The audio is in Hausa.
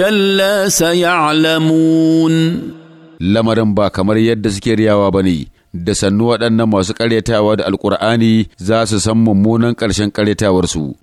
كلا سيعلمون lamarin ba kamar yadda suke riyawa ba da sannu waɗannan masu ƙaryatawa da alƙur'ani za su san mummunan ƙarshen ƙaryatawarsu